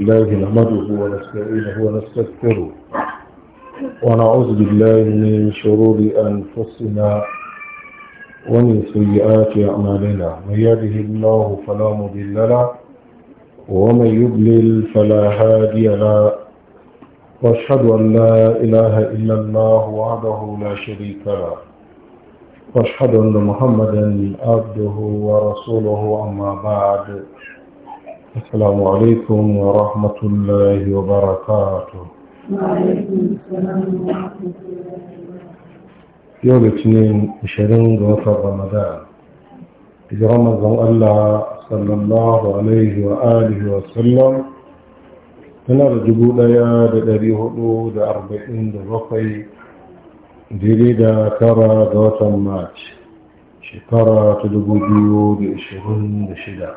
الله نحمده ونستعينه ونستغفره ونعوذ بالله من شرور أنفسنا ومن سيئات أعمالنا من يهده الله فلا مضل له ومن يضلل فلا هادي له واشهد أن لا إله إلا الله وحده لا شريك له واشهد أن محمدا عبده ورسوله أما بعد السلام عليكم ورحمة الله وبركاته وعليكم السلام ورحمة الله وبركاته يوم الاثنين 20 غفر رمضان إذ رمضان الله صلى الله عليه وآله وسلم tana da dubu ɗaya da ɗari hudu da arba'in da bakwai daidai da tara ga watan march shekara ta dubu biyu da ashirin da shida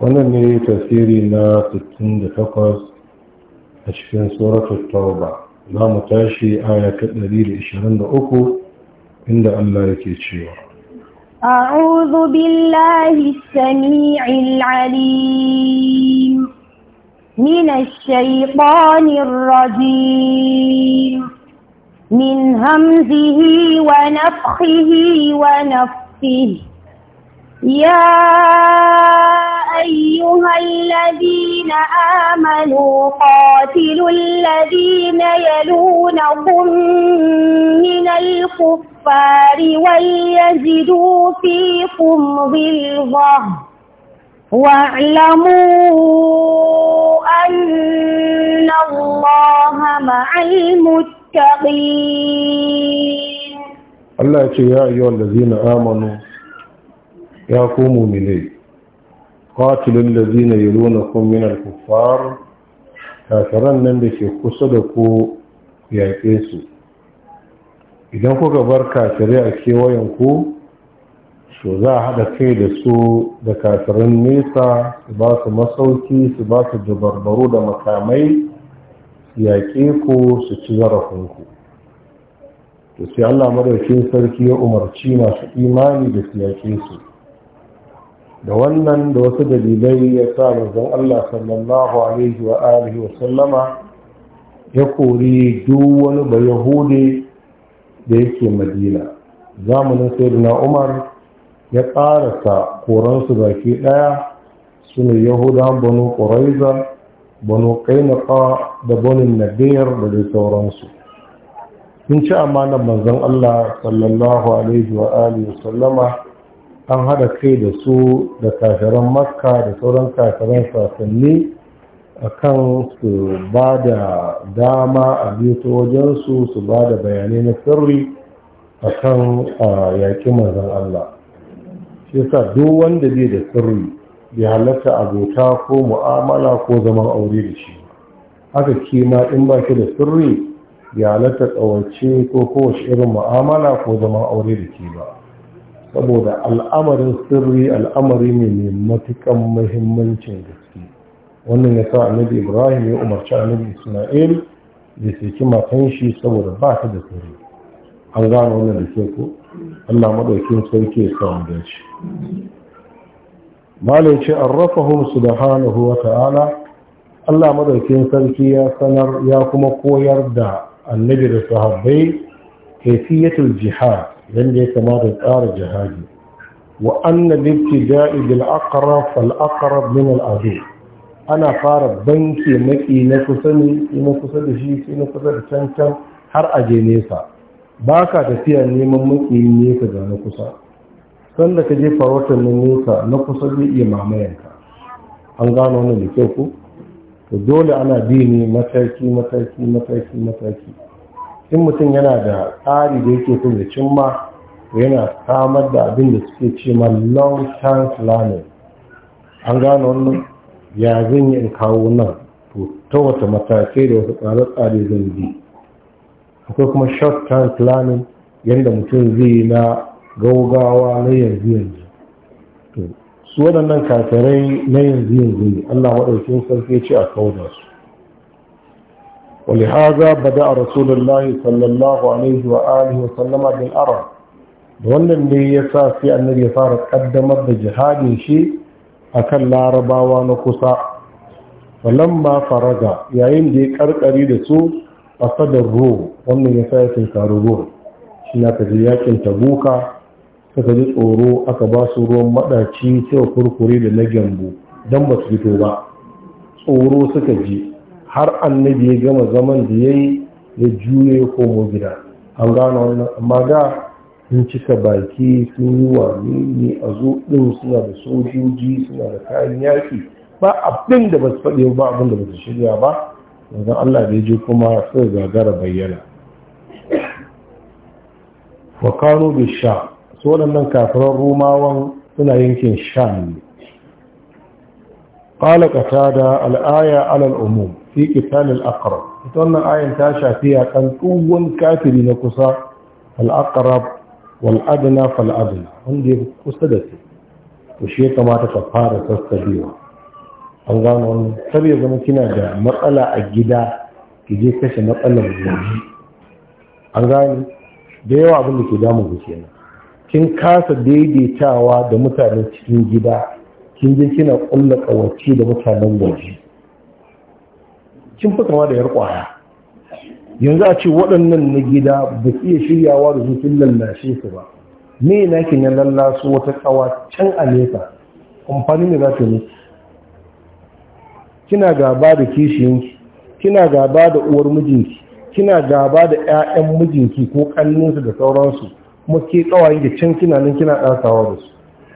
wannan ne tafsiri na 68 a cikin suratul tauba za mu tashi aya ta 123 inda Allah yake cewa أعوذ بالله السميع العليم من الشيطان الرجيم من همزه ونفخه ونفخه يا أيها الذين آمنوا قاتلوا الذين يلونكم من الكفار وليزدوا فيكم غلظة واعلموا أن الله مع المتقين الله يا أيها الذين آمنوا يا قوم مني qatilul ladina yalunakum min al-kuffar kafiran nan da ke kusa da ku yaƙe su idan kuka bar kafirai a kewayen ku za a haɗa kai da su da kafirin nesa su ba su masauki su ba su dabarbaru da makamai su yaƙe ku su ci zarafinku to sai allah madaukin sarki ya umarci masu imani da su yaƙe su da wannan da wasu dalilai ya sa manzon Allah sallallahu alaihi wa alihi wa sallama ya kori duk wani yahudi da yake madina zamanin sayyidina umar ya ƙarasa koransu baki ɗaya su ne yahudan banu ƙuraiza banu ƙainaka da banu biyar da dai sauransu sun ci amanar manzon Allah sallallahu alaihi wa alihi wa sallama an haɗa kai da su da kafiran makka da sauran kafiran sasanni a kan su ba da dama a bito wajensu su ba da bayanai na sirri a kan yaƙi manzan Allah shi sa duk wanda zai da sirri bai halatta abota ko mu'amala ko zaman aure da shi haka kima in ba shi da sirri bai halatta tsawace ko kowace irin mu'amala ko zaman aure da ke ba saboda al'amarin sirri al'amari ne mai matukan muhimmancin gaske wannan ya sa annabi ibrahim ya umarci annabi isma'il da saki matan shi saboda ba ta da sirri an gano wannan da ke ko allah maɗaukin sarki ya samu da shi malai ce an rafa homsu da hannu wa ta'ala allah maɗaukin sarki ya sanar ya kuma koyar da annabi da sahabbai kaifiyatul jihad yadda ya kamata tsara jihadi wa anna libtida'i bil aqrab fal aqrab min al adu ana fara banke maki na kusa ne na kusa da shi na kusa da can har a je nesa ba ka tafiya neman maki nesa ga na kusa sanda ka je farautar na nesa na kusa zai iya mamayanka an gano wani da kyau ko to dole ana bi mataki mataki mataki mataki in mutum yana da tsari da yake so ya cimma yana samar da abin da suke ce ma long term planning an gano wannan ya zan yi in kawo nan to ta wata matakai da wasu tsare-tsare zan bi akwai kuma short term planning yadda mutum zai yi na gaugawa na yanzu yanzu to su waɗannan kakarai na yanzu yanzu ne allah waɗaukin sarki ce a da su ولهذا بدأ رسول الله صلى الله عليه وآله وسلم بالأرض wannan ne ya sa sai annabi ya fara kaddamar da jihadin shi akan larabawa na kusa falamma faraga yayin da ya karkari da su a sadar rom wannan ya sa ya tunkaru rom shi na ka je yakin tabuka suka ji tsoro aka ba su ruwan madaci sai kurkure da na gyambu don ba su fito ba tsoro suka ji har annabi ya gama zaman da ya yi ya juye ya komo gida an gano wannan amma da sun cika baki sun yi wa ne a zo ɗin suna da sojoji suna da kayan yaƙi ba abin da ba su faɗi ba abin da ba su shirya ba yanzu Allah da ya je kuma sai gagara bayyana wa kano sha su waɗannan kafiran rumawan suna yankin sha ne قال قتادة الآية على العموم fi qital al-aqrab ita wannan ayin ta shafi ya kan tuwon kafiri na kusa al-aqrab wal adna wanda ya kusa da shi to shi ya kamata ka fara sassabewa an gano wani, kar ya zama kina da matsala a gida ki je kashe matsalar waje an gane da yawa abin da ke damun ku kenan kin kasa daidaitawa da mutanen cikin gida kin je kina ƙulla wacce da mutanen waje kin fi kama da yar kwaya yanzu a ce waɗannan na gida ba iya shiryawa da zufin lallashe su ba me na kin ya lallasu wata kawa can a nesa amfani ne za ta yi. kina gaba da kishiyanki kina gaba da uwar mijinki kina gaba da 'ya'yan mijinki ko ƙanninsu da sauransu kuma ke kawaye da can kina nan kina ɗasawa da su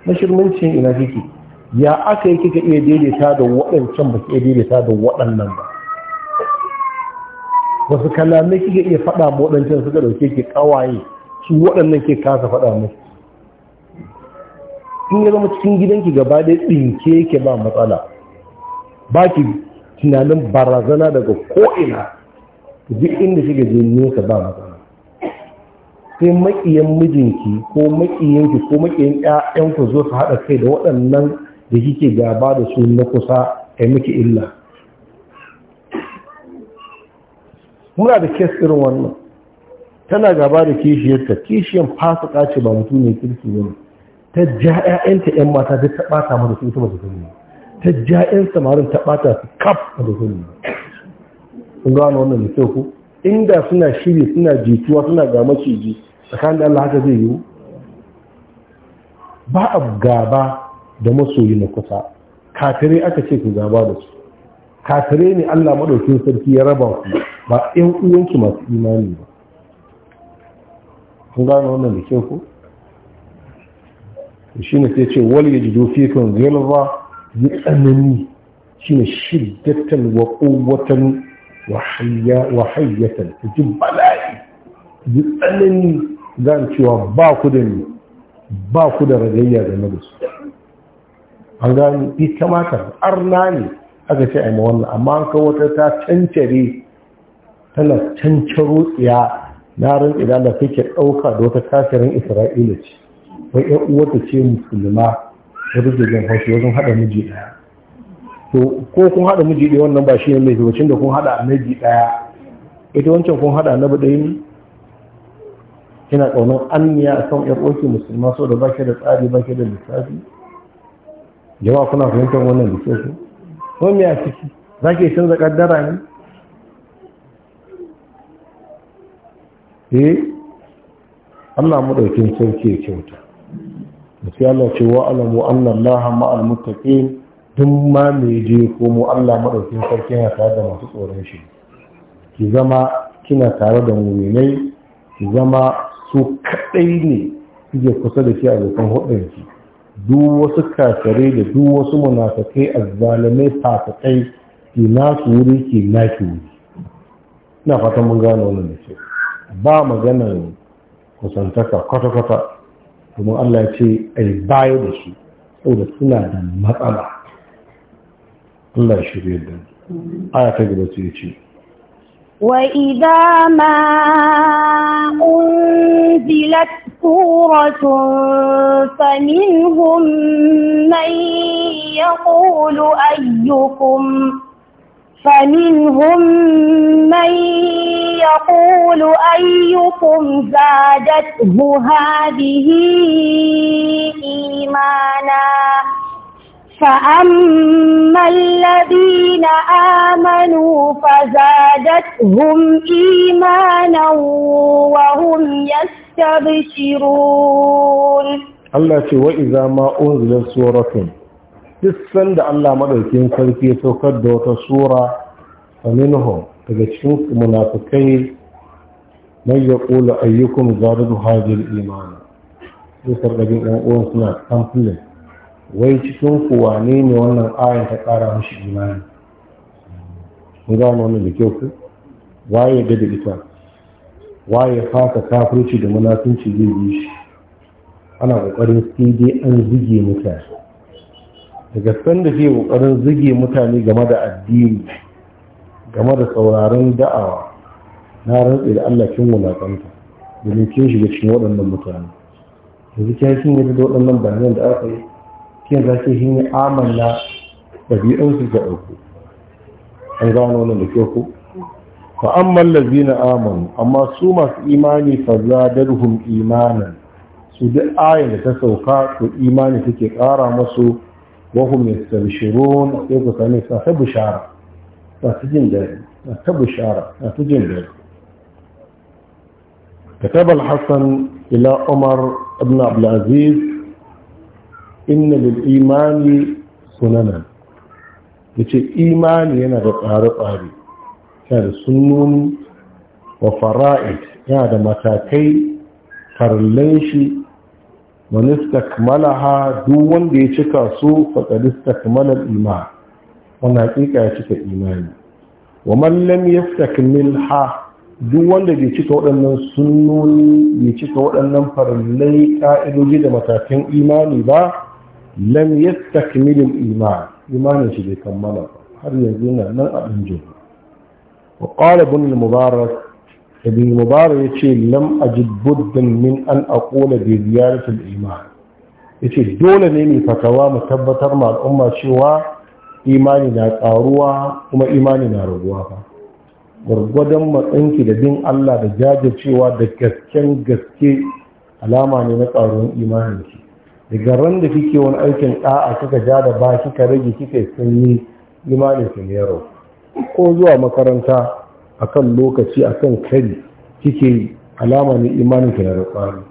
mashirmancin ina kike ya aka yi kika iya daidaita da waɗancan ba ke daidaita da waɗannan ba wasu kalamai kika iya faɗa ma waɗancan suka ɗauke ke ƙawaye su waɗannan ke kasa faɗa mai in ya zama cikin gidanki gaba ɗaya ɗinke ke ba matsala ba ki tunanin barazana daga ko'ina duk inda shiga je nesa ba matsala sai maƙiyan mijinki ko maƙiyanki ko maƙiyan ƴaƴanku zo su haɗa kai da waɗannan da kike gaba da su na kusa kai miki illa muna da kes irin wannan tana gaba da kishiyarta kishiyan fasika ce ba mutum ne kirki ne ta ja 'ya'yanta 'yan mata ta taɓa ta mata su ita ba su sani ta ja 'yan samarin ta ɓata su kaf ba su sani sun gano wannan da kyau ko. inda suna shiri suna jituwa suna ga maciji tsakanin da Allah haka zai yiwu ba a gaba da masoyi na kusa kafirai aka ce ku gaba da su kafirai ne Allah maɗaukin sarki ya raba ku ba ɗan uwanki masu imani ba An gano wannan da kyau ko shi ne sai ce wal ya jido fi kan zelva yi tsanani shi ne shiddatan wa ƙowatan wa hayyatan ta ji bala'i yi tsanani zan cewa ba ku da ni ba ku da ragayya da na su an gano ita mata arna ne aka ce ma wannan amma an kawo ta ta cancare tana cancaro rutsiya na rantsi da Allah take ɗauka da wata kafirin Isra'ila ce wai 'yan uwarta ce musulma ta rufe jan haushi wajen haɗa miji ɗaya to ko kun haɗa miji ɗaya wannan ba shi ne mai wacin da kun haɗa annabi ɗaya ita wancan kun haɗa na buɗe ne kina ƙaunar anniya a kan ƴan uwarki musulma so da ba ke da tsari ba ke da lissafi jama'a kuna fahimtar wannan lissafi ko me a ciki za ke canza ƙaddara ne eh Allah madaukin sarki ya kyauta sai Allah ce wa alamu anna Allah ma'al muttaqin duk ma mai je komo Allah madaukin sarki yana tare da masu tsoron shi ki zama kina tare da mu'minai ki zama su kadai ne suke kusa da shi a lokacin ki, duk wasu kafirai da duk wasu munafikai azzalimai fasikai ki nasu wuri ki naki wuri ina fatan mun gane wannan da shi ba maganar kusantaka kwata-kwata kuma Allah ya ce a yi baya da su saboda suna da matsala Allah ya shirya da aya ta gaba ce ce وإذا ما أنزلت سورة فمنهم من يقول أيكم فمنهم من يقول أيكم زادته هذه إيمانا فأما الذين آمنوا فزادتهم إيمانا وهم يستبشرون الله تي وإذا ما أنزل سورة تسند الله مدلكين فلكي توقد دوت سورة فمنهم daga cikin munafikai mai ya ƙola ayyukan zarar hajjil imani sai sarƙaƙin ɗan uwan suna kamfilin wai cikin kuwa ne ne wannan ayin ta ƙara mashi imani mun gano wani da kyau ku waye da da ita waye fata kafirci da munafinci zai yi shi ana ƙoƙarin sai dai an zige mutane daga sanda ke ƙoƙarin zige mutane game da addini game da sauraron da'awa na rantsi da Allah kin wulakanta domin kin shiga cikin waɗannan mutane yanzu kin kin yi da waɗannan bayanan da aka yi kin za ki yi amalla ɗabi'unsu ga ɗauku an gano wannan da kyau ku fa amma lazina amanu amma su masu imani fa zadarhum imanan su duk ayin da ta sauka to imani take ƙara masu wahum yastabshirun sai ku sani sa ta bishara na ta jin daɗi na ta bishara na jin daɗi كتب الحسن إلى عمر بن عبد العزيز إن للإيمان سننا yace imani yana da tsare-tsare yana da sunnoni wa yana da matakai farallan shi wani stakmalaha duk wanda ya cika su faɗaɗi iman wannan hakika ya cika imani wa man lam yastakmilha duk wanda bai cika waɗannan sunnoni bai cika waɗannan farallai ka'idoji da matakan imani ba lam yastakmilul iman imanin shi bai kammala ba har yanzu yana nan a ɗanjin wa qala ibn mubarak ibn mubarak ce, lam ajid buddan min an aqula bi ziyaratil iman yace dole ne mai fatawa mu tabbatar ma al'umma cewa imani na ƙaruwa kuma imani na raguwa ba gwargwadon matsanki da bin Allah da jajircewa da gasken gaske alama ne na ƙaruwan imaninki daga ran da kike wani aikin ɗa'a kika ja da ba kika rage kika sanyi imanin ki ne yaro ko zuwa makaranta akan lokaci akan kari kike alama ne imanin ki na rakwani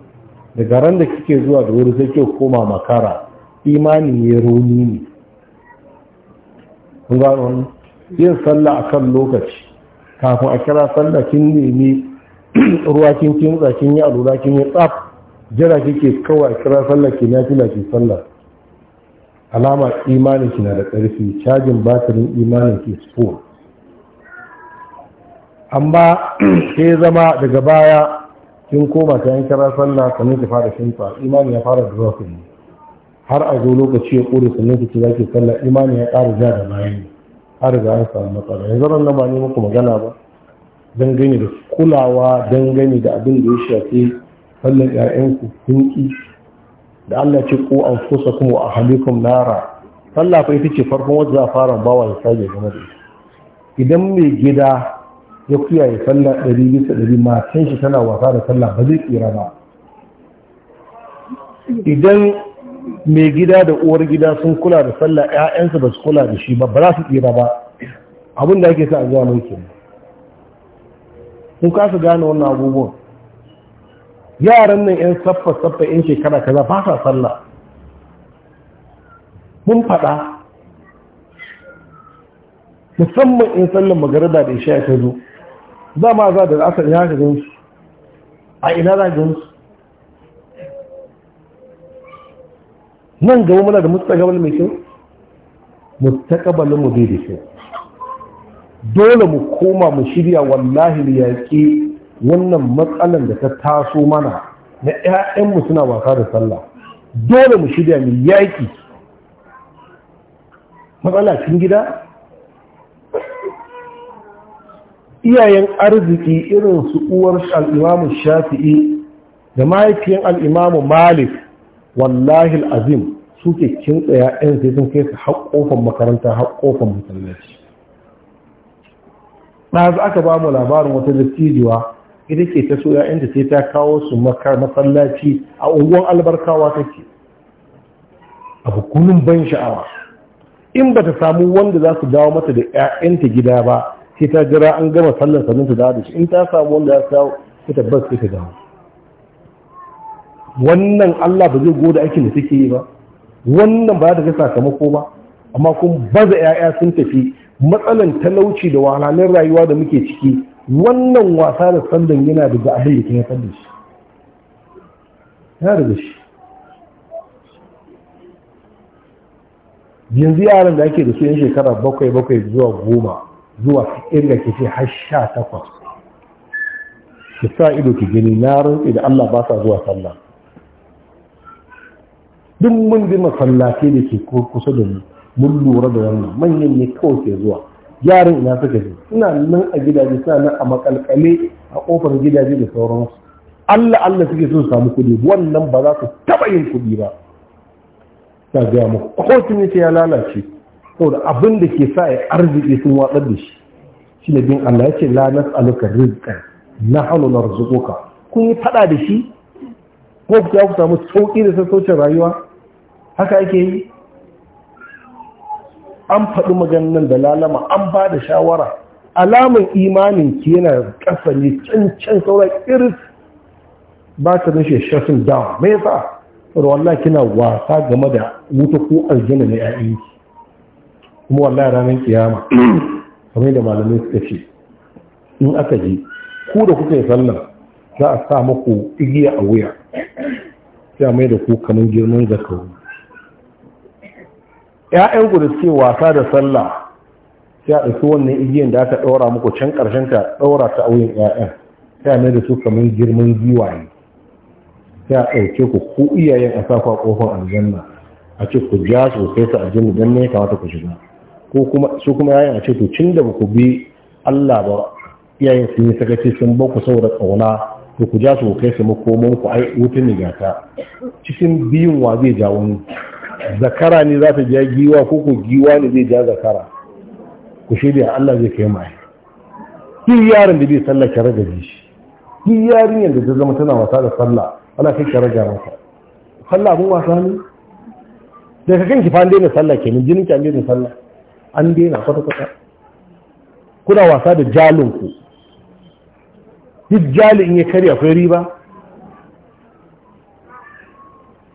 daga ran da kike zuwa da wuri sai kike koma makara imani ne rauni ne kun gano wannan yin sallah a kan lokaci kafin a kira sallah kin nemi ruwa kin kintsa kin yi alula kin yi tsaf jira kike kawai a kira sallah ki na ki sallah alama imanin ki na da ƙarfi cajin batirin imanin ki spore amma sai zama daga baya kin koma ta yin kira sallah kamar ki fara kintsa imanin ya fara ne har a zo lokaci ya ƙure sannan ki ce za ki sallah imani ya ƙara ja da bayan har riga an samu matsala yanzu ran na ba ne muku magana ba dangane da kulawa dangane da abin da ya shafi sallar 'ya'yanku kun da Allah ce ko an fusa kuma a halikun nara sallah fa ita ce farkon wanda a fara bawa ya sage game da ita idan mai gida ya kiyaye sallah ɗari bisa ɗari matan shi tana wasa da sallah ba zai tsira ba idan mai gida da uwar gida sun kula da sallah ƴaƴansu ba su kula da shi ba ba za su tsira ba abin da ake sa a zuwa mulki kenan kun kasa gane wannan abubuwan yaran nan yan saffa saffa yan shekara kaza ba sa sallah mun faɗa musamman in sallan magarada da isha ta zo za ma za da asar ya gansu a ina za gansu nan gaba muna da mustaqbal mai kyau mustaqbalin mu bai da kyau dole mu koma mu shirya wallahi ya yaƙi wannan matsalan da ta taso mana na mu suna wasa da sallah dole mu shirya mu yaƙi matsala cikin gida iyayen arziki irin su uwar al'imamu shafi'i da mahaifiyan al'imamu malik wallahi azim suke kintsa ya'yan sai sun kai su haƙƙofan makaranta haƙƙofan masallaci na za aka ba mu labarin wata dattijuwa ita ke ta so inda sai ta kawo su masallaci a unguwan albarkawa take abu kunun ban sha'awa in ba ta samu wanda za su dawo mata da 'ya'yanta gida ba sai ta jira an gama sallar sannan ta dawo da shi in ta samu wanda za su dawo ta tabbas sai ta dawo wannan Allah ba zai goda aikin da suke yi ba wannan ba da ta ga sakamako ba amma kun baza 'ya'ya sun tafi matsalan talauci da wahalhalun rayuwa da muke ciki wannan wasa da sandan yana daga abin da ke haifar shi yana shi yanzu yaran da ake da su yan shekara bakwai bakwai zuwa goma zuwa inda ke ce har sha takwas ki sa ido ki gani na rantsi da Allah ba sa zuwa sallah duk mun bi masallaci da ke kusa da mu mun lura da wannan manyan ne kawai ke zuwa yaran ina suka je suna nan a gidaje suna nan a makalkale a kofar gidaje da sauransu Allah Allah suke so su samu kuɗi wannan ba za su taɓa yin kuɗi ba ta gaya mu kotun ce ya lalace saboda abin da ke sa ya arziki sun watsar da shi shi ne bin Allah ya ce la nas'aluka rizqan nahnu narzuquka kun yi fada da shi ko ku ku samu sauki da sassaucin rayuwa haka ake yi an faɗi maganin da lalama an ba da shawara alamun imanin ki yana ƙasa ne cancan sauran iris ba ta nushe shafin dawa mai sa wallah kina wasa game da wuta ko aljanna na 'ya'yanki? kuma wallah ranar kiyama kamar da malamai suka ce in aka ji ku da kuka yi sallah za a sa maku igiya a wuya sai a mai da ku kamar girman zakaru ‘ya'yanku da suke wasa da sallah ya ɗauki wannan igiyan da aka ɗaura muku can ƙarshen ta ɗaura ta auyin ‘ya'yan ya mai da su kamar girman giwaye ya ɗauke ku ku iyayen a safa ƙofar aljanna a ce ku ja su kai su aljanna don ne kamata ku shiga ko kuma su kuma yayin a ce to cin da ku bi Allah ba iyayen sun yi sakaci sun ba ku saboda ƙauna to ku ja su kai su makomanku ku ai wutin ne gata cikin biyun wa zai jawo ni. zakara ne za ta ja giwa ko ku giwa ne zai ja zakara ku shirya Allah zai kai mai shi yaron da bai sallah ki raga shi shi yarin da zai zama tana wasa da sallah ana kai ki raga masa sallah abun wasa ne da ka kanki fa an daina sallah ke kenan jinin ki an daina sallah an daina kwata kwata kuna wasa da jalinku duk jali in ya karya akwai riba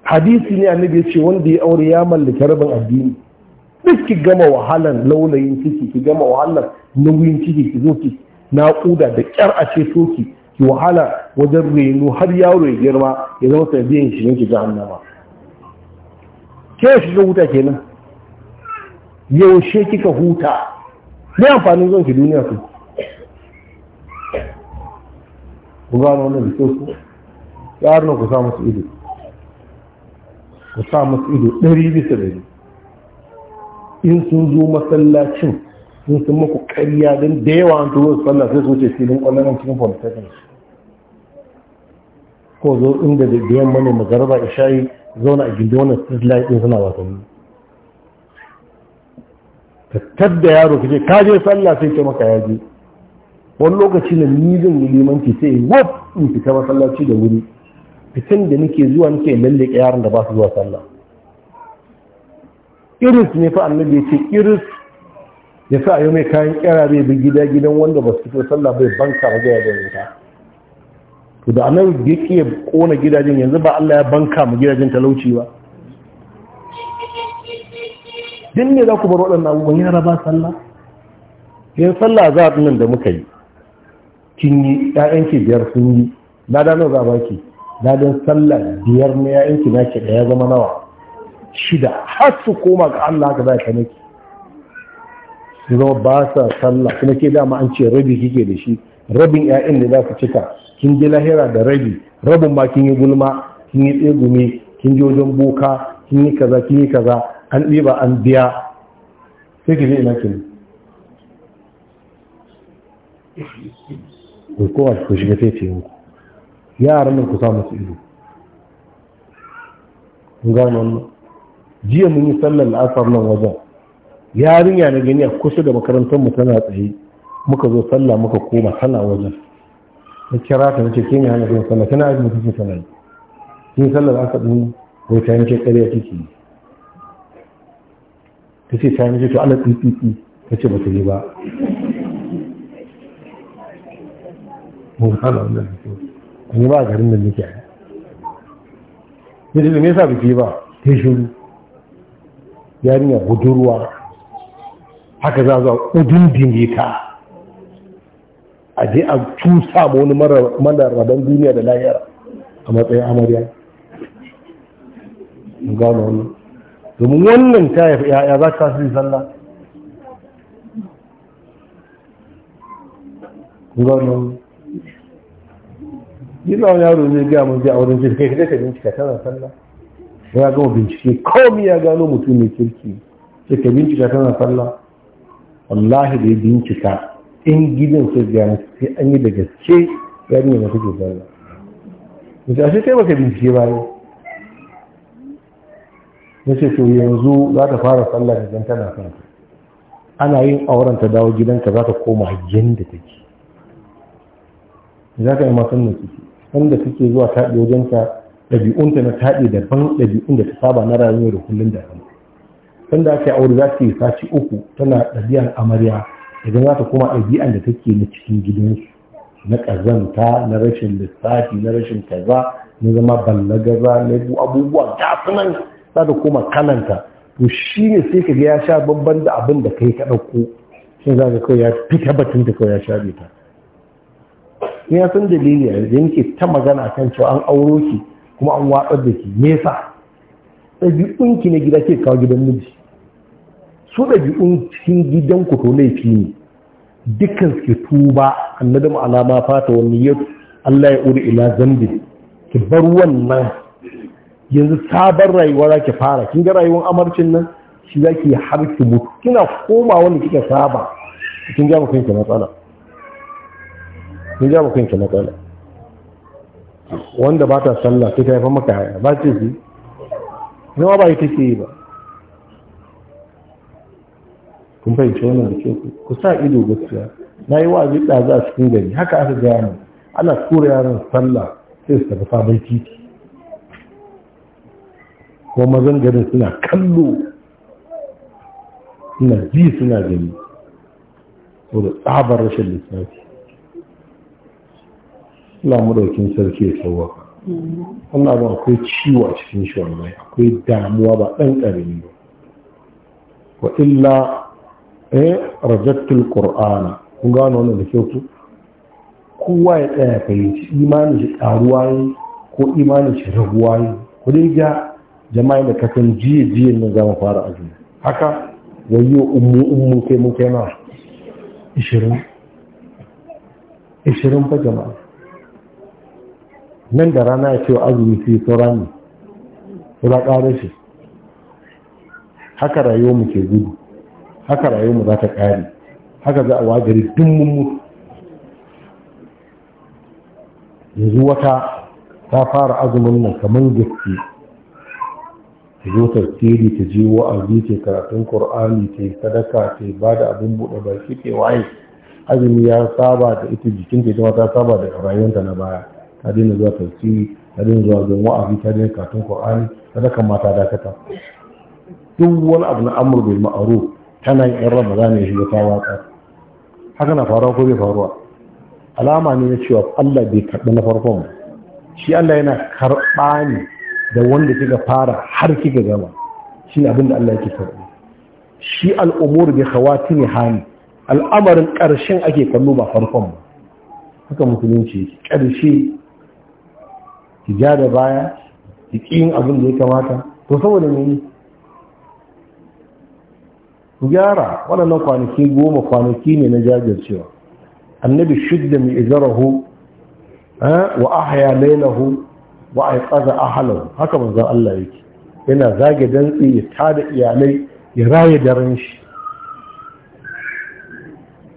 hadisi ne annabi ya ce wanda ya aure ya mallaki rabin addini duk ki gama wahalan launayin ciki ki gama wahalan nauyin ciki ki zo ki naƙuda da ƙyar a ce soki ki wahala wajen renu har yaro ya girma ya zama biyan shi ne ki jahannama ke shiga huta kenan yaushe kika huta ne amfanin zuwan ki duniya ku ku gano wannan da kyau ku ku sa su ido ku sa masu ido ɗari bisa ɗari in sun zo masallacin sun sun maku ƙarya don da yawa an turo su sai su wuce filin ƙwallon an cikin politicians ko zo inda da biyan mani magarba ishayi zauna a gindi wani street ɗin suna wasanni tattar da yaro kaje ka je sallah sai ce maka ya je wani lokaci na ni zan yi limanci sai wuf in fita masallaci da wuri fitan da nake zuwa nake lalle yaran da ba su zuwa sallah iris ne fa annabi ya ce iris ya sa yau mai kayan kirare bi gida gidan wanda ba su fito sallah bai banka ba gaya da wuta to da anan ya kona gidajen yanzu ba Allah ya banka mu gidajen talauci ba din ne za ku bar waɗannan abubuwan yara ba sallah yin sallah za a nan da muka yi kin yi ƴaƴanki biyar sun yi lada nawa za a baki Dadin sallah biyar na ya yanki naki da ya zama nawa shida har su koma ga Allah ka zai ka naki zama ba sa sallah kuma ke dama an ce rabi kike da shi rabin 'ya'yan da za cika kin ji lahira da rabi rabin ma kin yi gulma kin yi tsegume kin ji wajen boka kin yi kaza kin yi kaza an ɗiba an biya sai ki je ina ki ko ku shiga sai ce muku yaran nan ku samu su ido gano wannan jiya mun yi sallar la'asar nan wajen yarinya na gani a kusa da makarantar mu tana tsaye muka zo sallah muka koma tana wajen na kira ta nace ke ne hana zai sallah tana ajin kusa tana yi kin sallar la'asar din ko ta yanke ƙarya kike yi ta ce ta yanke to ala tsitsi ta ce ba ta yi ba mun hana wannan ni ba garin da nake a yi da me yasa biki ba ta shiru yarinya budurwa haka za zuwa udun dingita a je a cusa ma wani mana duniya da lahiyar a matsayin amarya gano wani domin wannan ta yi ya za ta su sallah gano wani yi yaro zai gaya mun ji a wurin jirgi kai ka bincika tana sallah ya gama bincike komai ya gano mutum mai kirki sai ka bincika tana sallah wallahi da ya bincika in gidan sai gaya sai an yi da gaske ya ne na kuke sallah mutu a kai baka bincike ba ne ya to yanzu za ta fara sallah da tana sallah ana yin auren ta dawo gidanka za ta koma yadda take za ka yi masan nan wanda suke zuwa taɗi wajenka ɗabi'unta na taɗi daban ɗabi'un da ta saba na rayuwar da kullum daban sanda ake aure za su yi sashi uku tana ɗabi'ar amarya idan za ta kuma ɗabi'an da take na cikin gidansu na ƙazanta na rashin lissafi na rashin kaza na zama ballagaza na abubuwa ta sunan za ta koma kananta to shi ne sai ka ga ya sha babban da abin da kai ka ɗauko shi za ka kawai ya fita batun da kawai ya sha ta ni ya san dalili yanzu yake ta magana kan cewa an auro ki kuma an watsar da ki me yasa ɗabi'un ki na gida ke kawo gidan miji su ɗabi'un cikin gidan ku to laifi ne dukkan su ke tuba annabi alama fata wani ya Allah ya uri ila zambi ki bar wannan yanzu sabon rayuwa za ki fara kin ga rayuwar amarcin nan shi za ki har ki mutu kina komawa wanda kika saba kin ga mu kanki matsala kun ja mutum matsala wanda ba ta sallah sai ta haifa maka haya ba ce ki nawa ba ta ke yi ba kun fahimci wannan da ke ku sa ido gaskiya na yi wa'azi za a cikin gari haka aka gaya mu ana tura yaran sallah sai su tafi sabon titi ko mazan garin suna kallo suna ji suna gani saboda tsabar rashin lissafi Allah madaukin sarki ya sauwaka Allah ba akwai ciwo a cikin shi wallahi akwai damuwa ba ɗan ƙarami ba wa illa eh rajattul qur'ana kun gano wannan da ke ku kowa ya tsaya yi imanin shi ƙaruwa ne ko imanin shi raguwa ne ku dai ga jama'a da san jiye jiye nan za mu fara aji. haka wayo ummu ummu kai mun kai na 20 20 fa jama'a nan da rana ya ce wa azumi sai saura ne ba ƙare shi haka rayuwa mu ke gudu haka rayuwa mu za ta ƙare haka za a wajari duk mun mutu yanzu wata ta fara azumin nan kamar gaske ta zo ta tafsiri ta je wa'azi ce karatun ƙorani ce sadaka ce ba da abin buɗe shi ke waye azumi ya saba da ita jikin ke ta saba da rayuwarta na baya ta daina zuwa tafsiri ta daina zuwa zan wa'azi ta daina katon qur'ani ta daka mata dakata duk wani abu na amur bil tana yin ramadan ya shiga ta watsa haka na faruwa ko bai faruwa alama ne na cewa Allah bai karɓi na farkon ba shi Allah yana karɓa ne da wanda kika fara har kika gama shi ne abin da Allah yake karɓi shi al'umur bi khawatimi hani al'amarin ƙarshen ake kallo ba farkon ba haka musulunci ƙarshe ki ja da baya ki ƙin abin da ya kamata to saboda mene ku gyara waɗannan kwanaki goma kwanaki ne na jajircewa annabi shidda mai izarahu wa ahaya lailahu wa aiqaza ahlahu haka manzon Allah yake yana zage dantsi ya tada iyalai ya raye daren shi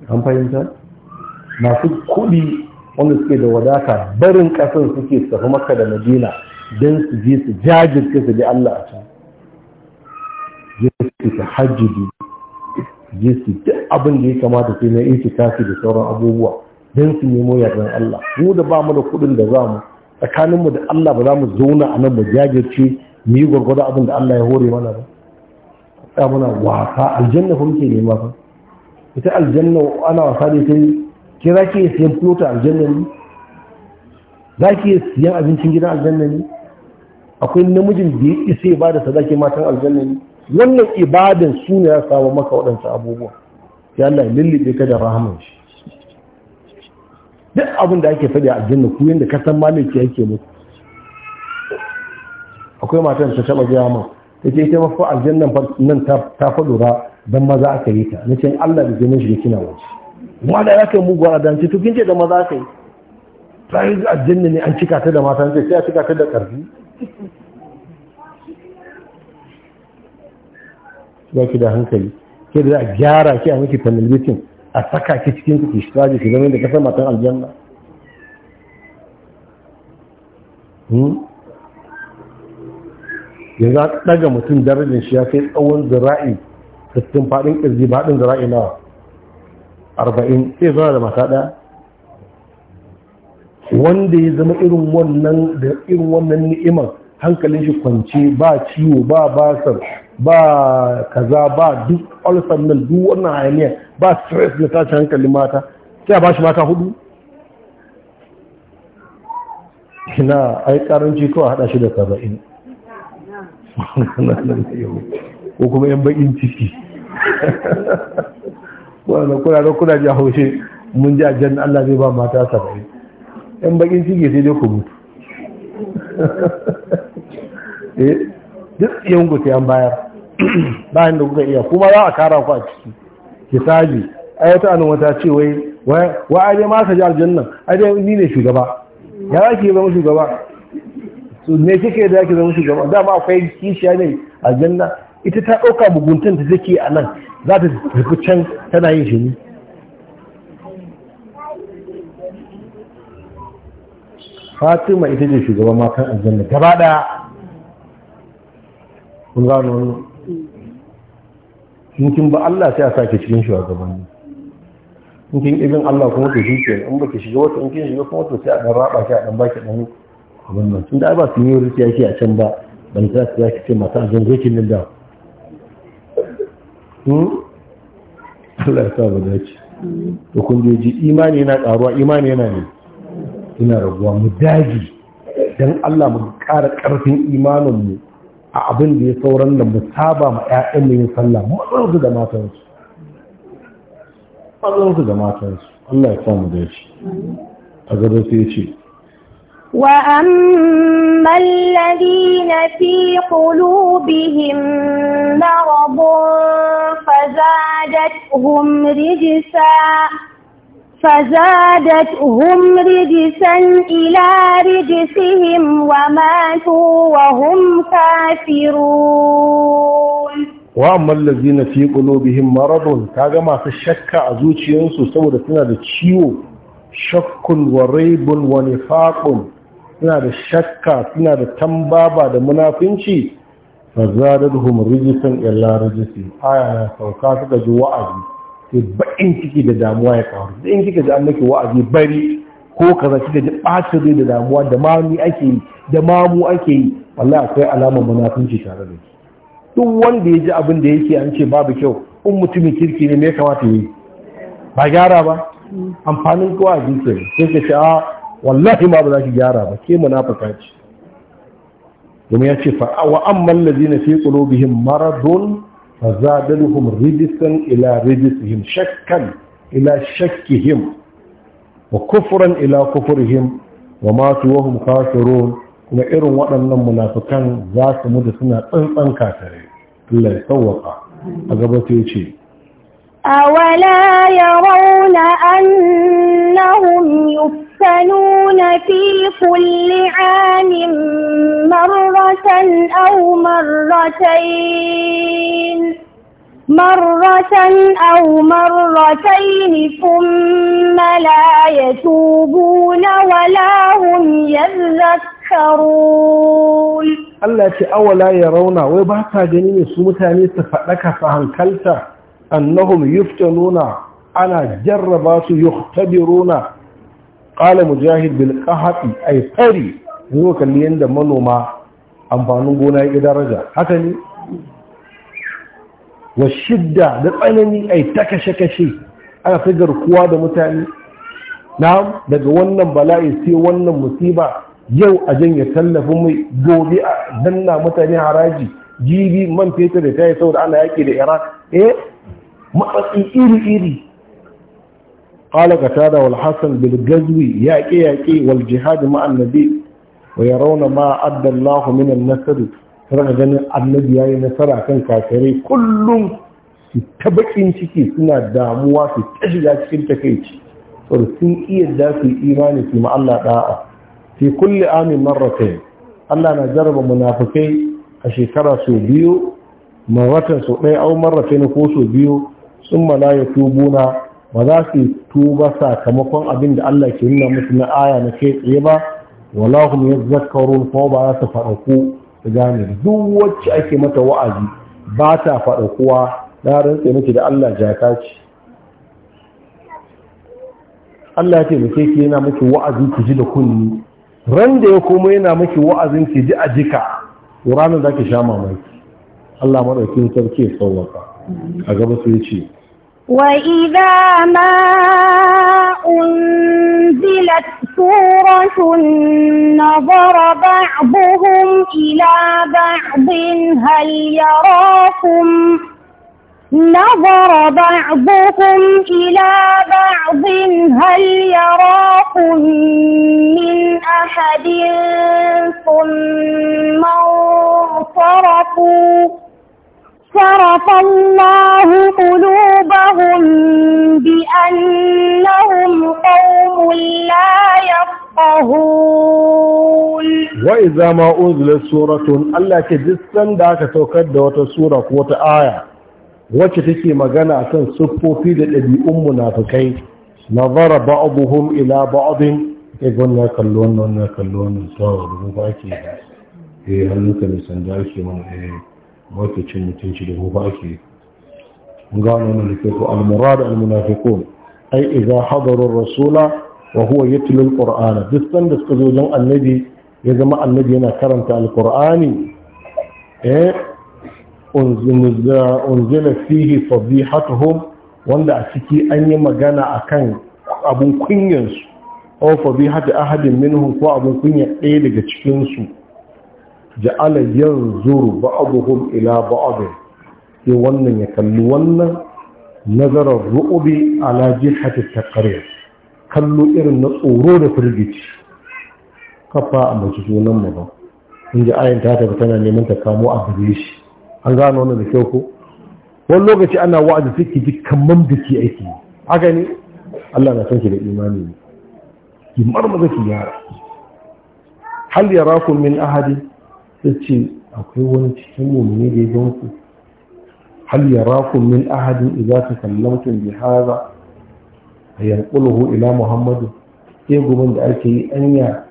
an fahimta masu kuɗi wanda suke da wadata barin ƙasar suke tafi maka da madina don su je su jajirce su bi Allah a can je su ta hajji je su duk abin da ya kamata sai na iti tafi da sauran abubuwa don su nemo yardan Allah mu da ba mu da kuɗin da za mu tsakaninmu da Allah ba za mu zauna a nan mu jajirce mu yi gwargwado abin da Allah ya hore mana ba ta muna wasa aljanna fa muke nema fa ita aljanna ana wasa da ita ke za ki siyan flota aljanna ne za ki siyan abincin gidan aljanna ne akwai namijin da ya isa ya bada sadaki matan aljanna ne wannan ibadan su ne ya samu maka waɗansu abubuwa ya Allah lullube ka da rahaman shi duk abin da ake faɗi a aljanna ku yanda ka san malaki yake muku akwai matan ta taba gaya ma. ta ce ita mafi aljannan nan ta fa don maza aka yi ta na ce Allah da jinin shi da kina waje wanda ya kai mugu a danci to ce da maza ka yi. Ta sai aljanna ne an cika ta da matan sai a cika ta da karfi ba ki da hankali ke da gyara ki a miki panelitin a saka ki cikin ku ki shiraji ki zama da kasar matan aljanna hmm? yanzu a ɗaga mutum darajin shi ya kai tsawon zira'i sassin faɗin ƙirji baɗin zira'i nawa arba'in sai zana da mata ɗaya wanda ya zama irin wannan da irin wannan ni'imar hankalin shi kwance ba ciwo ba basar ba kaza ba duk alfan nan duk wannan hayaniya ba stress na tashi hankalin mata sai a bashi mata hudu kina ai karanci kawai hada shi da saba'in ko kuma yan bakin ciki wanda kuna da kuna ji a haushe mun ji a jan Allah zai ba mata saba'in yan bakin ciki sai dai ku mutu eh, duk yan gutu yan bayar bayan da kuka iya kuma za a kara ku a ciki kisaji ai wata anan wata ce wai wa aje ma ka ji aljanna aje ni ne shugaba ya za ki zama shugaba su ne kike da ki zama shugaba dama akwai kishiya ne aljanna ita ta ɗauka muguntan da zake a nan za ta zafi can tana yin shini fatima ita ce shugaban matan aljanna gaba ɗaya kun gano wani in ba Allah sai a sake cikin shugabanni in kin ibin Allah kuma to shike in ke shiga wata in shiga kuma to sai a ɗan raba shi a ɗan baki dan abin Da ba ai yi seniority yake a can ba ban za su zaki ce masu zan zai kin nan da Hmm? Allah ya saba dace imani yana karuwa yana ina raguwa mu daji don Allah mu ƙara ƙarfin imaninmu a abin da ya sauran da mu saba ma ƴaƴanmu yin sallah mazansu da matansu da matansu Allah ya samu dace a gaba sai ya ce وأما الذين في قلوبهم مرض فزادتهم رجسا فزادتهم رجسا إلى رجسهم وماتوا وهم كافرون وأما الذين في قلوبهم مرض ما في الشك أزوتي ينسو سورة سنة شك وريب ونفاق suna da shakka suna da tambaba da munafinci fazadarhum rijisan illa rijisi aya na sauka suka ji wa'azi sai bakin ciki da damuwa ya kawo Sai in kika ji an miki wa'azi bari ko kaza kika ji ɓata rai da damuwa da mamu ake yi da mamu ake yi wallahi akwai alamar munafinci tare da shi duk wanda ya ji abin da yake an ce babu kyau in mutumin kirki ne me ya kamata yi ba gyara ba amfanin kowa a ke sai ka ce a ah, wallahi ma ba za ki gyara ba ke munafuka ce domin ya ce fa wa amman ladina fi qulubihim maradun فزادلهم رجسا ila shakkihim, شكا إلى ila وكفرا إلى كفرهم وماتوا وهم كافرون kuma irin waɗannan munafukan za su mutu suna tsantsan katare Allah ya tsawaka a gaba sai ce awala yau يسألون في كل عام مرة أو مرتين مرة أو مرتين ثم لا يتوبون ولا هم يذكرون الله يتي أولا يرون ويبعثا جنين سمتاني سفألك فهنكلت أنهم يفتنون أنا جرباتوا يختبرون qala mujahid bil a yi tsari zuwa kalli yadda manoma amfanin gona ya daraja haka ne wa shidda da tsanani ai ta kashe-kashe ana fi garkuwa da mutane Na daga wannan bala'i sai wannan musiba yau a janye tallafin mai gobe a danna mutane haraji jibi man fetur da ta yi saboda ana yaƙi da iraq eh matsatsi iri-iri قال قتادة والحسن بالجزو يأكي يأكي والجهاد مع النبي ويرون ما أدى الله من النسر سرق جن النبي يأي نسر كان كافري كلهم تبكين شكي سنة داموا في تشجع شكل تكيش ورسين إيدا في إيماني في مع الله داء في كل عام مرتين الله نجرب منافقين أشكرا سوبيو مرة سوبيو أو مرتين كوسو بيو ثم لا يتوبون ba za su tuba sakamakon abin da Allah ke nuna musu na aya na ke tsaye ba wala hum yazakkarun ko ba za su faɗaku su gane duk wacce ake mata wa'azi ba ta faɗakuwa na rantsa miki da Allah jaka ce Allah ce muke ki yana miki wa'azi ki ji da kunni ran da ya koma yana miki wa'azin ki ji a jika ranar za ki sha mamaki Allah maɗaukin sarki ya sauwaka a gaba su ya ce وإذا ما أنزلت سورة نظر بعضهم إلى بعض هل يراكم نظر بعضهم إلى بعض هل يراكم من أحد ثم انصرفوا صرف الله قلوبهم بأنهم قوم لا يفقهون وإذا ما أنزلت سورة الله كجسن داك توكد وتسورة وتآية wacce take magana akan siffofi da ɗabi'un munafikai nazara ba'dhum ila ba'dhin kai gonna kallo wannan kallo wannan sawa da ba ke eh hannunka ne sanda ke mun wato cin mutunci da hufa ake gano na da ko al-murad al-munafiqun ai idza hadaru ar-rasula wa huwa yatlu al-qur'ana duk sanda suka zo don annabi ya zama annabi yana karanta al-qur'ani eh unzila fihi fadihatuhum wanda a ciki an yi magana akan abun kunyansu aw fadihatu ahadin minhum ko abin kunya ɗaya daga cikinsu. su ja'ala yanzuru ba'dhum ila ba'd sai wannan ya kalli wannan nazarar ru'ubi ala jihati taqrir kallo irin na tsoro da firgici kafa a mace sunan mu ba in ji ayin ta tafi tana neman ta kamo a gare shi an gano wannan da kyau ko wani lokaci ana wa'azi suke ji kaman biki aiki haka ne Allah na san ki da imani ne ki marmaza ki yara hal yarakum min ahadin sai ce akwai wani cikin mummuni da ya ganku hal yarakum min ahadin idza takallamtum bi hadha ayanquluhu ila muhammadu sai gumin da ake yi anya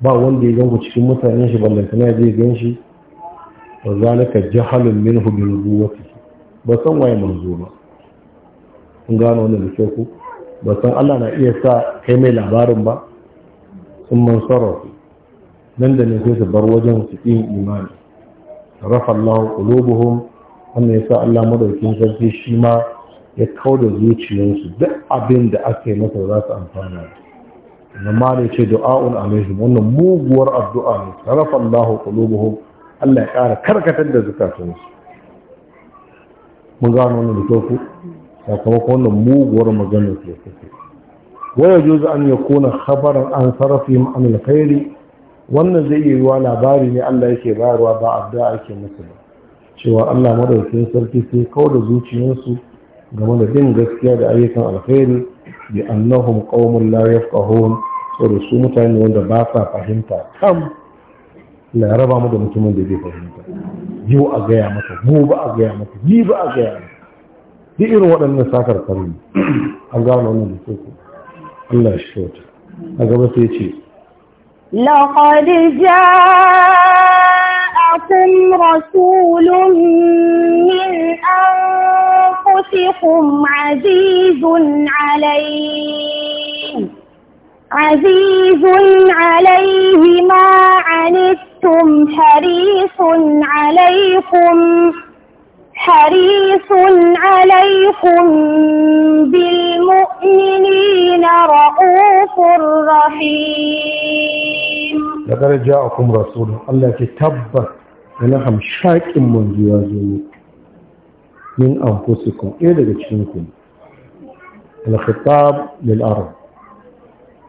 ba wanda ya ganku cikin mutanen shi ballantana zai gan shi wa zalika jahalun minhu bi nubuwwati ba san waye manzo ba kun gano wannan da kyau ba san Allah na iya sa kai mai labarin ba sun mansara nan da ne sai su bar wajen su yin imani rafa Allah qulubuhum wannan yasa Allah madaukin sarki shi ma ya kauda zuciyarsu duk abin da ake masa za su amfana amma da ce du'a'un alaihim wannan muguwar addu'a ne rafa Allah qulubuhum Allah ya ƙara karkatar da zukatansu mun gano wannan da kyau sakamakon wannan muguwar maganar ke kake waya juzu an yakuna khabaran an sarafihim an alkhairi wannan zai iya yiwa labari ne Allah yake bayarwa ba addu'a ake musu ba cewa Allah madaukakin sarki sai kawo da zuciyarsu game da bin gaskiya da ayyukan alkhairi bi annahum qaumun la yafqahun saboda su mutane wanda ba sa fahimta kam la raba mu da mutumin da zai fahimta yau a gaya masa gobe a gaya masa yi ba a gaya masa duk irin waɗannan sakar karni an gano wannan da Allah shi kyauta a gaba sai ce لقد جاءكم رسول من أنفسكم عزيز عليه عزيز عليه ما عنتم حريص عليكم حريص عليكم بالمؤمنين رؤوف رحيم لقد جاءكم رسول الله تتبت ونحن شاك من جوازه من أنفسكم إيه لك تشنكم الخطاب للأرض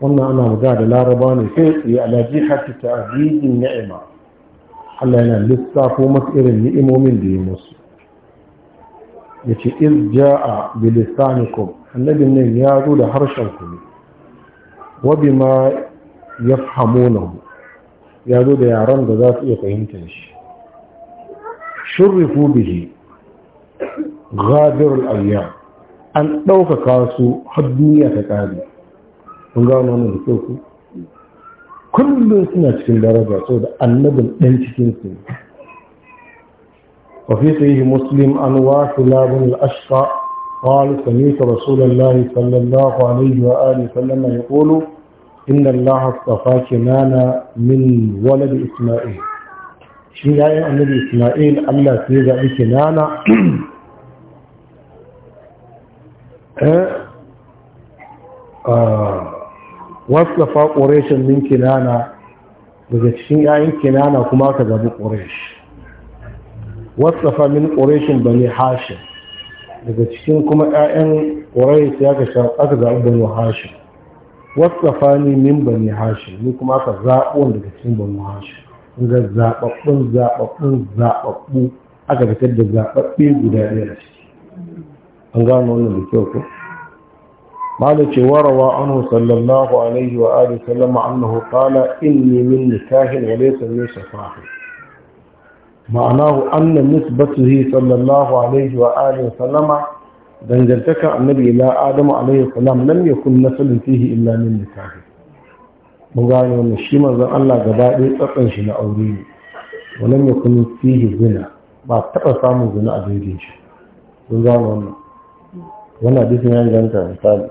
قلنا أنا مقال الأربان في على جهة تعزيز النعمة حلنا لسه فومت إلى النعم دي مصر ya ce a bilisanikum annabin nan ya zo da harshen ku ne wabi ma ya mu, ya zo da yaran da za su iya fahimtar shi Shirrifu bihi gadirul ayyam an ɗaukaka su har duniya ta ƙari kun gano wannan da kyau ku kullum suna cikin daraja da annabin ɗan cikin su وفي صحيح مسلم عن كلاب بن الأشقى قال سمعت رسول الله صلى الله عليه وآله وسلم يقول إن الله اصطفى كنانة من ولد إسماعيل شيء يعني النبي إسماعيل ألا سيزع كنانة أه؟ آه. واصطفى قريشا من كنانة daga شيء ‘ya'yan kinana kuma ka قريش wasafa min ƙorashin bane hashin daga cikin kuma 'ya'yan ƙorai ya ka aka zaɓi bane hashin wasafa ni min bane hashin ni kuma aka zaɓon daga cikin bane hashin in ga zaɓaɓɓun zaɓaɓɓun zaɓaɓɓu aka fitar da zaɓaɓɓe guda ɗaya da ciki an gano wannan da kyau ko malu ce warawa anhu sallallahu alaihi wa alihi sallama annahu qala inni min nikahin wa laysa min safahin ma'anahu anna hi sallallahu alaihi wa alihi sallama dangantaka annabi ila adamu alaihi salam lam yakun nasalin fihi illa min nikahi mun gane wannan shi manzon Allah gaba ɗaya tsatsan shi na aure ne wa lam yakun fihi zina ba taɓa samun zina a daidai shi mun gane wannan wannan hadisin ya ganta misali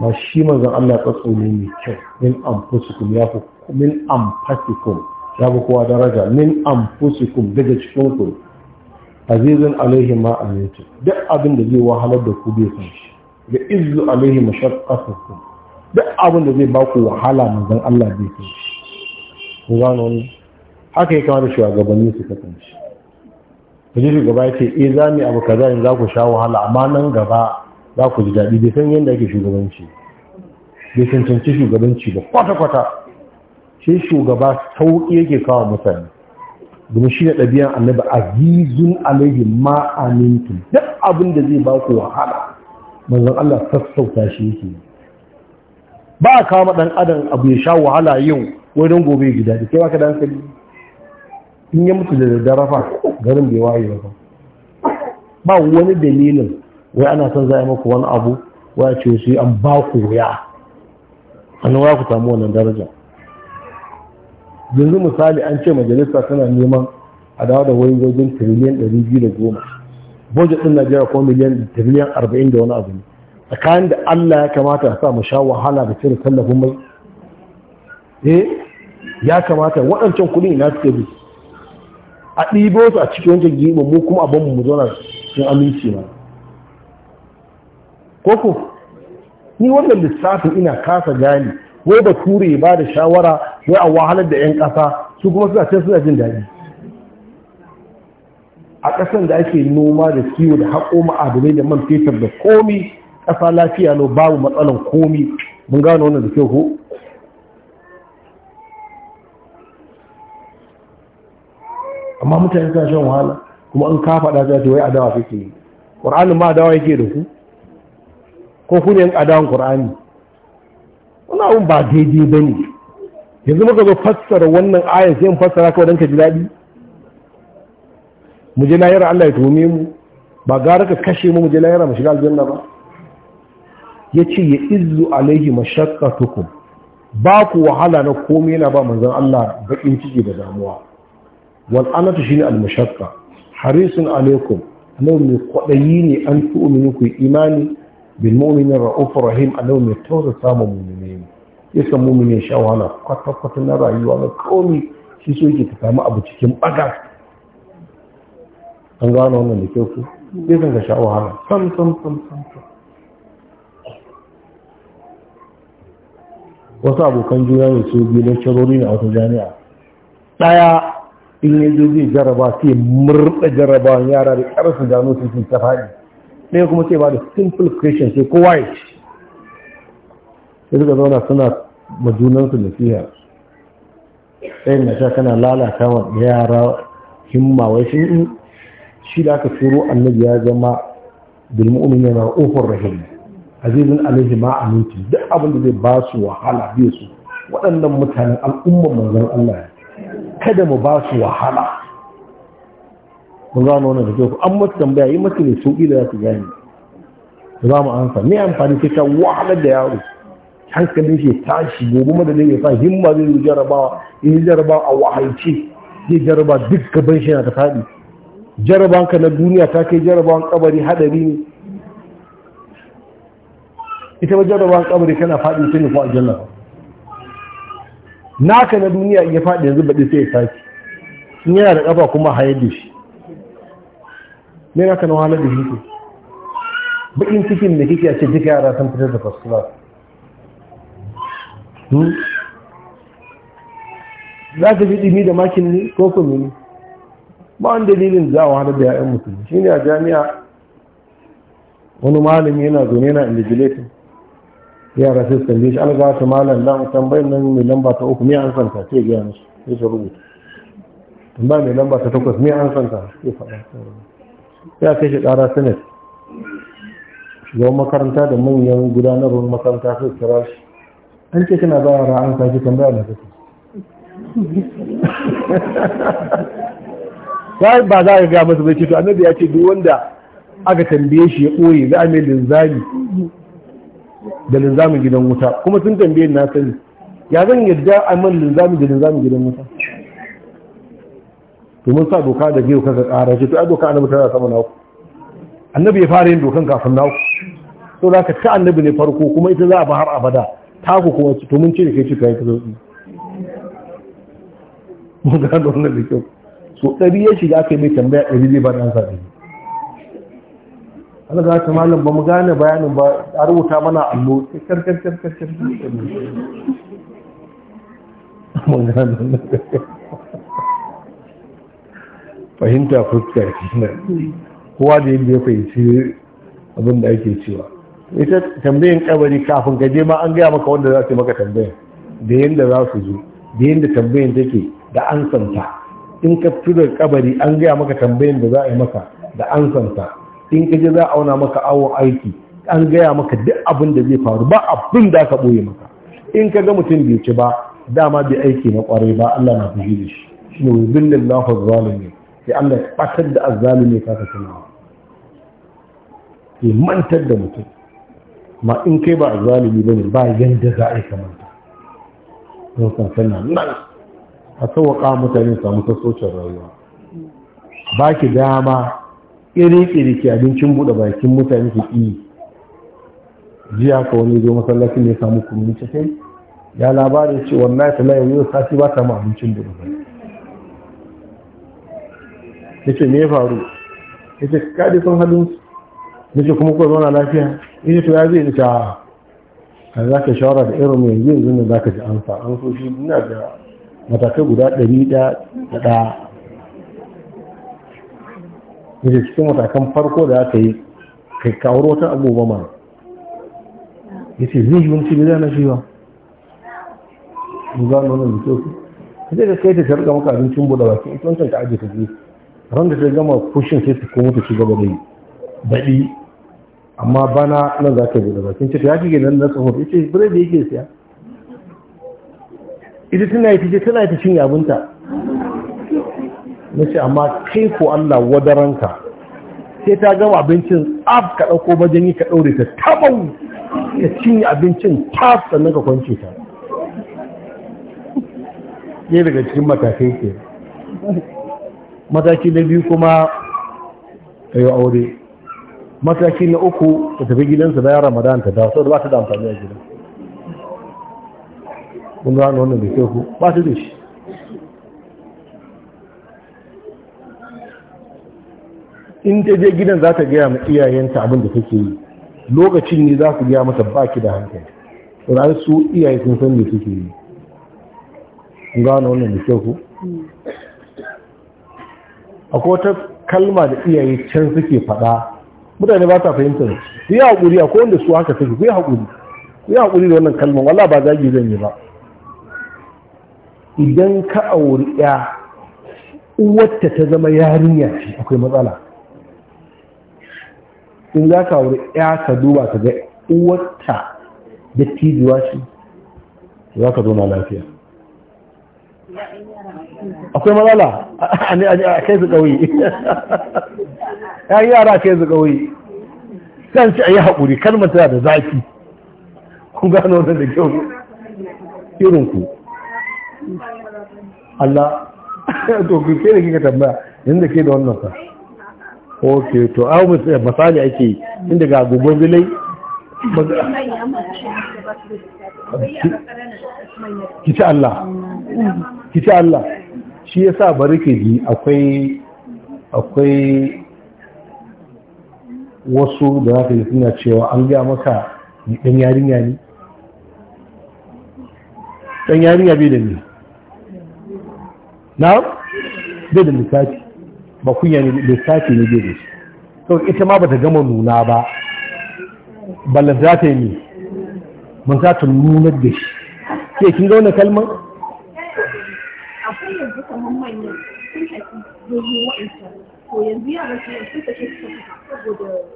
ma shi manzon Allah tsatsu ne mai kyau min anfusikum ya fi min anfasikum ya fi kowa daraja min anfusikum daga cikin ku azizun alaihi ma amintu duk abin da zai wahalar da ku bai san shi da izu alaihi mashaqqatukum duk abin da zai ba ku wahala manzon Allah bai san shi ku gano ne haka ya kama da shugabanni su kasance shi ji shugaba ya ce eh za mu abu kaza yanzu za ku sha wahala amma nan gaba za ku ji daɗi bai san yadda ake shugabanci bai cancanci shugabanci ba kwata-kwata sai shugaba sauƙi yake kawo mutane domin shi ne ɗabi'an annabi azizun alaihi ma amintu duk abin da zai ba ku wahala manzon Allah sassauta shi yake ba a kama ɗan adam abu ya sha wahala yau don gobe gida da kewa ka dan kali in ya mutu da daddara fa garin bai waye ba ba wani dalilin wai ana son za a yi maku wani abu wai a ce yi an ba ku ya an wa ku samu wannan daraja yanzu misali an ce majalisa tana neman a dawo da wayoyin tiriliyan 210 bojit din Najeriya ko miliyan tiriliyan 40 da wani abu ne tsakanin da Allah ya kamata a sa mu sha wahala da cire tallafin mai eh ya kamata waɗancan kuɗin ina suke bi a ɗibo su a cikin wancan gima mu kuma abin mu zauna cikin aminci ma koko ni wannan lissafin ina kasa gani ko ba ture ba da shawara ko a wahalar da 'yan ƙasa su kuma suna ce suna jin daɗi a ƙasan da ake noma da kiwo da haƙo ma'adanai da man fetur da komi ƙasa lafiya no babu matsalan komi mun gano wannan da kyau ko amma mutane suna shan wahala kuma an kafa da ta ce wai adawa suke yi ƙur'anin ma adawa yake da ku ko ku ne adawan ƙur'ani wani abun ba daidai ba ne yanzu muka zo fassara wannan ayar sai mu fassara kawai don ka ji daɗi mu je lahira Allah ya tome mu ba gara ka kashe mu mu je lahira mu shiga aljanna ba ya ce ya izu alaihi tukun. ba ku wahala na komai yana ba manzon Allah bakin ciki da damuwa Wal'anatu anatu shine al harisun alaikum annabi mai kwaɗayi ne an umarni ku imani bil mu'minin ra'ufur rahim annabi mai tausa samun ya samu mu ne sha wahala kwata-kwata na rayuwa na komi shi so yake ta samu abu cikin baga an gano wannan da kyau ku zai san ka sha wahala sam sam sam sam wasu abokan juna ne su biyu don carori na wata jami'a ɗaya in ya zo zai jaraba sai murɗa jarabawan yara da ƙarfi gano su sun ta faɗi ɗaya kuma sai ba da simple question sai kowa ya ce sai suka zauna suna majunansu nasiha sai na sha kana lalata wa yara himma wai shi shi da aka turo annabi ya zama bil yana na rahim azizin alaihi ma aminci. duk abin da zai ba su wahala biyu su waɗannan mutanen al'umman manzon Allah kada mu ba su wahala mun gano wannan da kyau ku an mutu tambaya yi masa ne sauƙi da za su gani za mu amsa me amfani sai ka wahalar da yaro hankalin shi tashi gobe madadin ya sa himma zai yi jarabawa in yi jarabawa a wahalci zai jaraba duk gaban shi na ta faɗi ka na duniya ta kai jarabawan kabari hadari ne ita ba jarabawan kabari kana faɗi ta nufa a jannar naka na duniya ya faɗi yanzu baɗi sai ya sake in yana da ƙafa kuma hayar da shi me na ka na wahalar da shi ke baƙin cikin da kike a ce duka yara sun fitar da fasfura. Hmm? za ka fi ɗimi da makin ne ko kuma ne ba wani dalilin za a wahalar da ya'yan mutum shi ne a jami'a wani malami yana zaune yana indigilatin yara sai su tambaye shi an gasa malam nan tambayin nan mai lamba ta uku mai an santa ce gaya musu sai su rubuta tambaya mai lamba ta takwas mai an santa ya faɗa ya kai shi ƙara senate shugaban makaranta da manyan gudanarwar makaranta sai kira shi an ce kana ba yara an sake kan bayan da sai ba za ka ga masa bai ce to annabi ya ce duk wanda aka tambaye shi ya ɓoye za a mai linzami da linzamin gidan wuta kuma sun tambaye na sani ya zan yadda a man linzami da linzamin gidan wuta to mun sa doka da biyu kasa tsara ce to a doka annabi tana sama na annabi ya fara yin dokan kafin naku to za ka ta annabi ne farko kuma ita za a ba har abada taku kuma to mun cire kai cika kai kazo mun ga wannan da kyau so ɗari ya shiga aka yi mai tambaya ɗari zai ba da ansa ɗari an ga ta malam ba mu gane bayanin ba a rubuta mana allo kar kar kar kar kar mun gane fahimta fuskar kowa da yadda ya fahimci abin da ake cewa ita tambayin kabari kafin ka je ma an gaya maka wanda za su maka tambayar da yadda za su zo da yadda tambayin take da an santa in ka fito daga kabari an gaya maka tambayin da za a yi maka da an santa in ka je za a auna maka awon aiki an gaya maka duk abin da zai faru ba abin da aka boye maka in ka ga mutum bai ci ba dama bai aiki na kwarai ba Allah na fushi da shi shine wa billallahu zalimi sai Allah ya batar da azzalimi ka ka tunawa ke mantar da mutum amma in kai ba a zalibi ba ne ba yadda za a yi kamar ta yau sansan na nan a sauwaƙa mutane samu sassocin rayuwa ba ki dama iri-iri ke abincin buɗe bakin mutane ke ƙi jiya ka wani zo masallacin ne samu kumin cikin ya labarin ce wannan ta layin yau sati ba samu abincin buɗe ba? ya ce me faru ya ce kaɗi sun halin su na ce kuma kuwa zauna lafiya ina to ya zai ita ta a za ka shawara da irin mai yanzu yanzu za ka ji sa an so shi ina da matakai guda ɗari da ɗaya ce cikin matakan farko da aka yi kai kawar wata abubuwa ma. ya ce zai yi wani cibi zai na shi ba gano wannan da kyau zai da kai ta targa maka abincin buɗe bakin ita wancan ta ajiye ta biyu ran da ta gama kushin sai ta komo ta ci gaba da yi baɗi amma bana nan za ka bude bakin ce ta ya kike nan na tsohon ita da yake siya ita tana yi fice tana yi ta yabinta na ce amma kai ko Allah wadaranka sai ta gama abincin tsaf ka ɗauko bajen yi ka ɗaure ta tabau ka cinye abincin tas sannan ka kwance ta ne daga cikin matakai ke mataki na biyu kuma ka yi aure mataki na uku ta tafi gidansa bayan ramadan ta dawo saboda ba ta da amfani a gidan kun gano wannan da kyau ku ba ta da shi in ta je gidan za ta gaya ma iyayenta abin da take yi lokacin ne za su gaya mata baki da hankali an su iyaye sun san da suke yi kun gano wannan da kyau ku hmm. akwai wata kalma da iyaye can suke faɗa mutane ba ta fahimtar ku yi haƙuri akwai wanda su haka take ku yi haƙuri ku yi haƙuri da wannan kalmar walla ba zagi zan yi ba idan ka auri ya uwarta ta zama yarinya ce akwai matsala in za ka auri ya ka duba ka ga uwarta da tijuwa ce za ka zauna lafiya akwai matsala a kai su ƙauye ya yi yara yi zuga wai sai ci a yi haƙuri kalmar tana da zafi kun gano da da kyau irin ku Allah to ku ke da kika tambaya inda ke da wannan sa ok to awu misali ake inda ga gugun bilai kici Allah kici Allah shi ya sa bari ke ji akwai akwai wasu da za ka yi suna cewa an gaya maka ɗan yarinya ne ɗan yarinya bai da ne na bai da lissafi ba kunya ne lissafi ne bai da shi sau ita ma ba ta gama nuna ba ballar za ta yi ne mun za ta nuna da shi ke kin ga wani kalmar akwai yanzu kamar manyan sun haifi domin wa'ancan to yanzu yara su yanzu suka ce suka saboda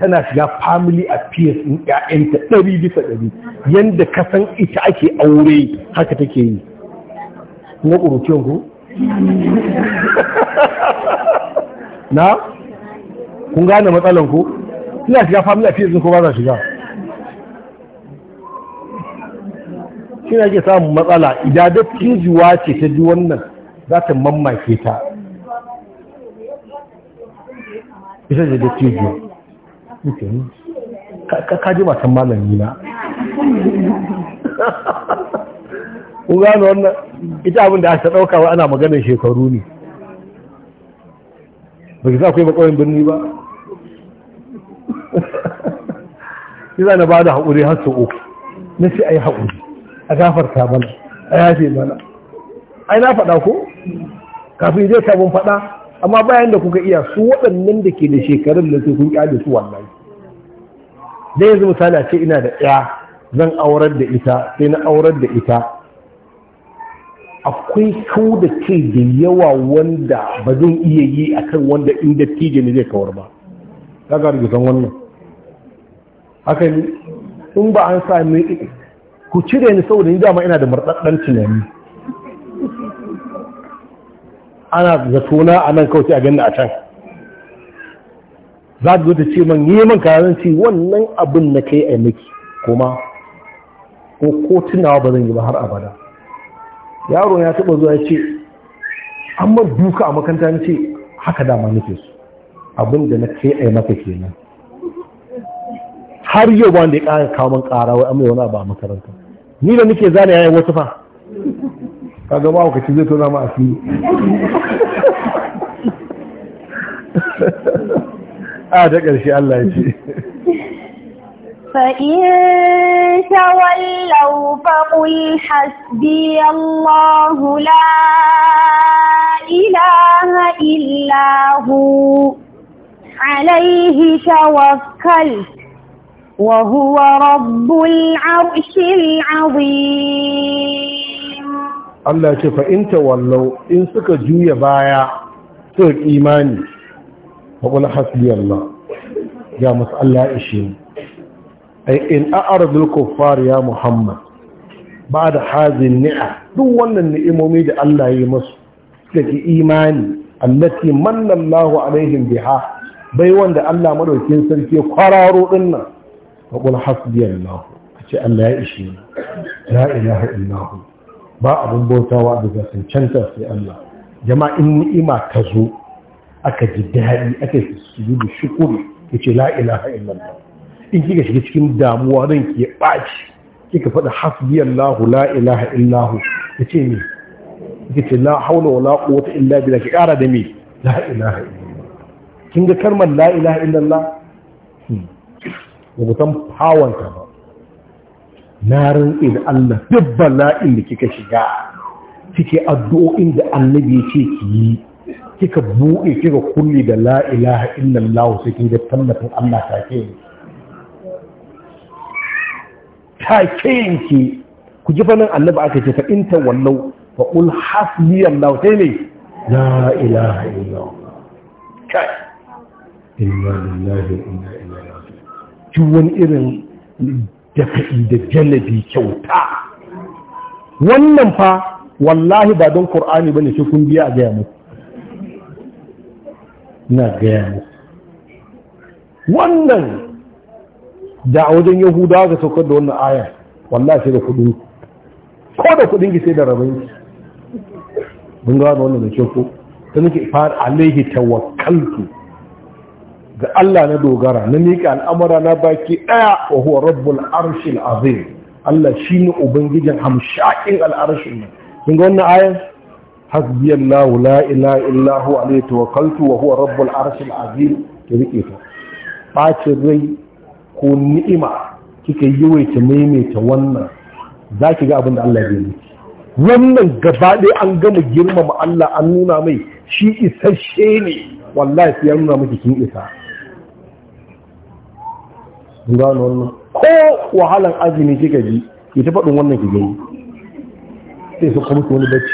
tana shiga family affairs in ƴaƴanta ɗari bisa ɗari yanda ka san ita ake aure haka take yi na ƙuruciyar ku na kun gane matsalan ku tana shiga family affairs ko ba za shiga shi ne ake samun matsala idan da ce ta ji wannan za ta mamake ta Isa da tijuwa ka ji matan malami na ku gano wannan ita abin da aka ɗauka wa ana maganin shekaru ne ba ki za ku yi makawin birni ba iza na ba da haƙuri har su uku na shi a yi haƙuri a gafarta mana a yafe mana ai na faɗa ko kafin je sabon faɗa amma bayan da kuka iya su waɗannan da ke da shekarun da su kun ƙyale su wallahi da yanzu misali a ce ina da ɗaya zan aurar da ita sai na aurar da ita akwai kau da kai da yawa wanda ba zan iya yi akan wanda in dattijo zai kawar ba ga rigisan wannan haka ne in ba an sami ku cire ni saboda ni dama ina da murɗaɗɗen tunani ana zatona a nan kawai a ganna a can za ta zo ce man yi man kayan ce wannan abin na kai a miki kuma ko ko tunawa ba zan yi ba har abada yaro ya taba zuwa ya ce an mar duka a makanta na ce haka dama nake su abin da na kai a maka kenan har yau ba wanda ya kara kawo kara wai amma wani abu a makaranta ni da nake zana yayin wasu fa kaga ba ka ci zai tona ma asiri a ta ƙarshe Allah ya ce فإن تولوا فقل حسبي الله لا إله إلا هو عليه توكلت وهو رب العرش العظيم الله فإن تولوا إن سكجوا يبايا سوء إيماني faƙul hasbi Allah ya musu Allah ishe mu in a'aradul kuffar ya Muhammad ba da hazin ni'a duk wannan ni'imomi da Allah yi masu da ke imani allati manna Allahu alaihim biha bai wanda Allah madaukin sarki kwararo dinnan faƙul hasbi Allah ce Allah ya ishe la ilaha illahu ba abin bautawa da cancanta sai Allah Jama'in in ni'ima ta zo aka ji daɗi aka yi da shukuri ya ce la ilaha illallah in kika shiga cikin damuwa ran ki ya ɓaci kika faɗa hasbiyallahu la ilaha illahu ya ce me kika ce la haula wala wata illa da ki ƙara da me la ilaha illallah kin ga kalmar la ilaha illallah hmm. ba ku san pawanta ba na rinƙe da Allah duk la'in da kika shiga cike addu'o'in da annabi ya ce ki yi kika buɗe kika kulli da la ilaha illallah sai kin ga tallafin Allah take Ta ke yanki ku ji fannin annabi aka ce fa in wallau fa ul hasbi Allah sai ne la ilaha illallah kai inna lillahi wa inna ilaihi raji'un ji wani irin dafa'i da jalabi kyauta wannan fa wallahi ba don qur'ani bane sai kun biya a gaya muku na gaya mu wannan da a wajen yahudawa ga saukar da wannan aya wallah sai da kudin ko da kudin ki sai da rabin ki mun ga wannan da ke ko ta nake fara alaihi tawakkaltu ga Allah na dogara na miƙa al'amura na baki ɗaya wa huwa rabbul arshil azim Allah shine ubangijin hamshakin al'arshin nan kun ga wannan ayan hasbi Allah la ilaha illa hu alayhi tawakkaltu wa huwa rabbul arshil azim ki rike ta bacin rai ko ni'ima kika yawaita maimaita wannan zaki ga abin da Allah ya yi wannan gaba an gama girmama Allah an nuna mai shi isasshe ne wallahi sai ya nuna miki kin isa gano wannan ko wahalar azumi kika ji ki ta faɗin wannan ki gani sai su kuma wani bacci